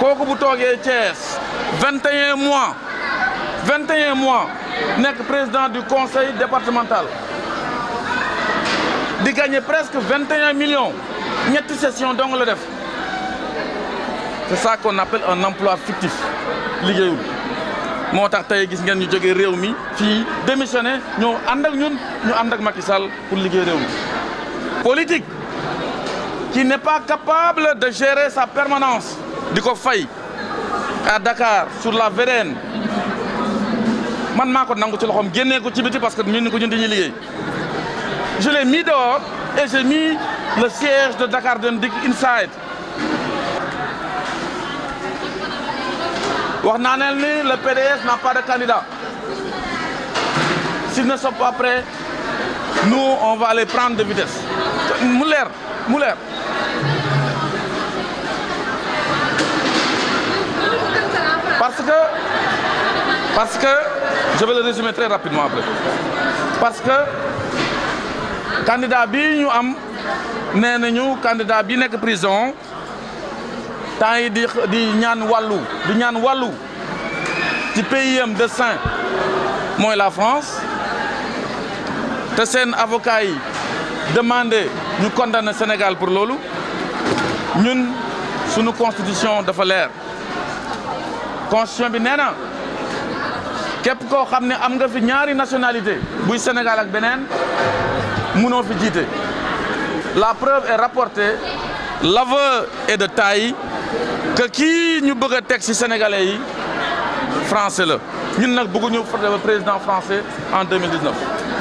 kooku bu toogee Thiès 21 mois 21 mois nekk président du conseil départemental di gagné presque 21 millions ñetti session dong la def c'est ça qu'on un emploi fictif liggéeyul moo tax tey gis ngeen ñu jógee réew mi fii démissionné ñoo ànd ak ñun ñu ànd ak Macky Sall pour liggéey réew mi politique qui n'est pas capable de gérer sa permanence di ko fay à dakaar sur la VDN man maa ko nangu ci loxoom génnee ko ci biti parce que ñun ni ko ñun dañuy liggéey je l'ai mis dehors et j'ai mis le siège de Dakar Dem Dikk inside wax naa ne ni le PDS n'a pas de candidat s'ils ne sont pas prêts nous on va les prendre de vitesse mu leer mu leer Parce que, je vais le résumer très rapidement après. Parce que, candidat bi ñu am nee nañu candidat bi nekk prison temps yi di ñaan wàllu di ñaan wàllu ci pays am de saint mooy la France te seen avocat yi demandé ñu condamné Sénégal pour loolu ñun suñu constitution dafa leer constitution bi nee na képp koo xam ne am nga fi ñaari nationalité buy Sénégal ak beneen munoo fi jiite la preuve est rapportée l'aveu est de taille que kii ñu bëgg a teg ci sénégalais yi français la ñun nag bëgguñu président français en 2019